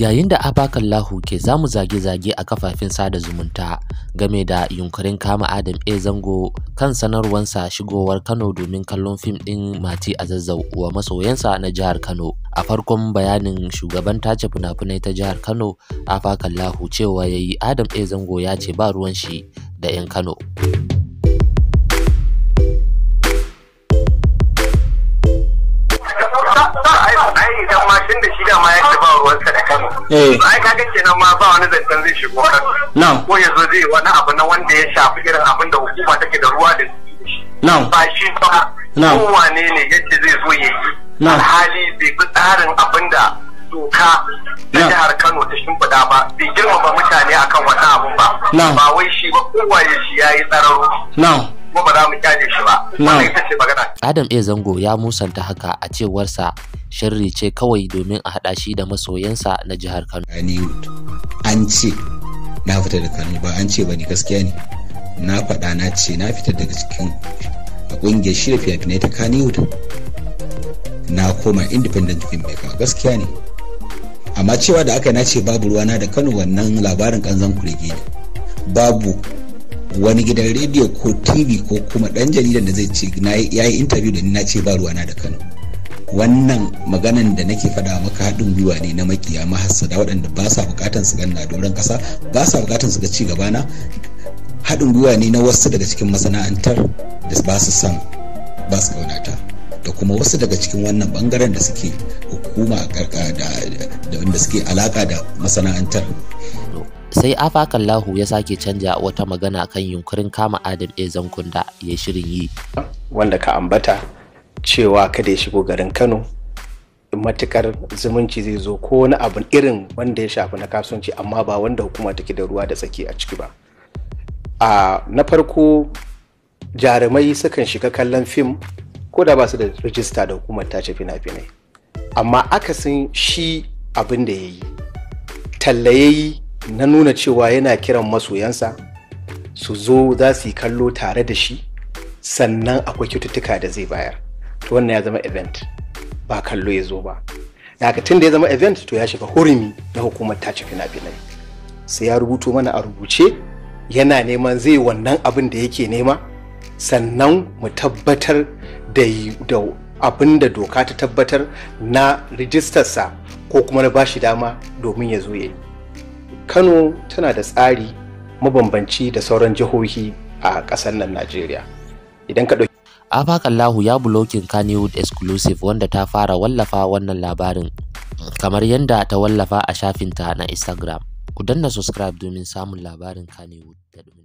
yayin da lahu ke zamu zage-zage a kafafen sada zumunta game da yunkurin kama adam a zango kan sanarwansa shigowar kano domin kallon fim ɗin mati a zazzau wa masoyansa na jihar kano a farkon bayanin shugaban tace funafunai ta jihar kano lahu cewa ya yi adam a zango ya ce ba ruwan shi da 'yan kano tun da shi da ma ya ba ruwansa da Kano. Eh. Ai kaga kenan ma ba wani zancen zai shigo Kano. Na'am. Ko ya zo zai wani abu na wanda ya shafi irin abin da hukuma take da ruwa da Na'am. Ba shi ba. Na'am. Kowane ne yadda zai zo ya yi. Na'am. Alhali bai bi tsarin abin da doka na jihar Kano ta shimfiɗa ba bai girmama mutane akan wani abun ba. Ba wai shi ba ya shi ya yi tsararo. Na'am. kuma ba za mu kyale shi ba wannan ita ce magana Adam A Zango ya musanta haka a cewarsa sharri ce kawai domin a haɗa shi da masoyansa na jihar Kano an ce na fita da Kano ba an ce ba ni gaskiya ne na faɗa na ce na fita daga cikin ƙungiyar shirya fina-finai ta Kannywood na koma independent maker gaskiya ne amma cewa da aka yi na ce babu ruwana da Kano wannan labarin kanzan kurege ne babu wani gidan rediyo ko tv ko kuma dan jaridan da zai ce ya yi interview da ni na ce ba ruwa na da kano wannan maganan da nake faɗa maka haɗin gwiwa ne na makiya da waɗanda ba sa bukatan su ganna doron ƙasa ba sa bukatan su ga ci gaba na haɗin gwiwa ne na wasu daga cikin masana'antar da ba su san ba su ƙaunata da kuma wasu daga cikin wannan bangaren da suke hukuma da wanda suke alaka da masana'antar sai afakallahu ya sake canja wata magana kan yunkurin kama adam a zankunda ya shirin yi wanda ka ambata cewa kada ya shigo garin kano matukar zumunci zai zo ko wani abu irin wanda ya shafi na kasuwanci amma ba wanda hukuma take da ruwa da tsaki a ciki ba a na farko jarumai sukan shiga kallon fim ko da ba su da rijista da hukumar tace fina-finai amma akasin shi abin da ya yi talla ya na nuna cewa yana kiran masoyansa su zo za su yi kallo tare da shi sannan akwai kyaututtuka da zai bayar to wannan ya zama event ba kallo ya zo ba daga tun da ya zama event to ya shiga hurumi na hukumar ta ci fina-finai sai ya rubuto mana a rubuce yana neman zai wannan abin da yake nema sannan mu tabbatar da abin da doka ta tabbatar na rijistarsa ko kuma na bashi dama domin ya zo ya yi kano tana da tsari mabambanci da sauran jihohi a ƙasar nan najeriya idan ka ɗauki afakallahu ya bulokin kannywood exclusive wanda ta fara wallafa wannan labarin kamar yadda ta wallafa a shafinta na instagram ku danna subscribe domin samun labarin kannywood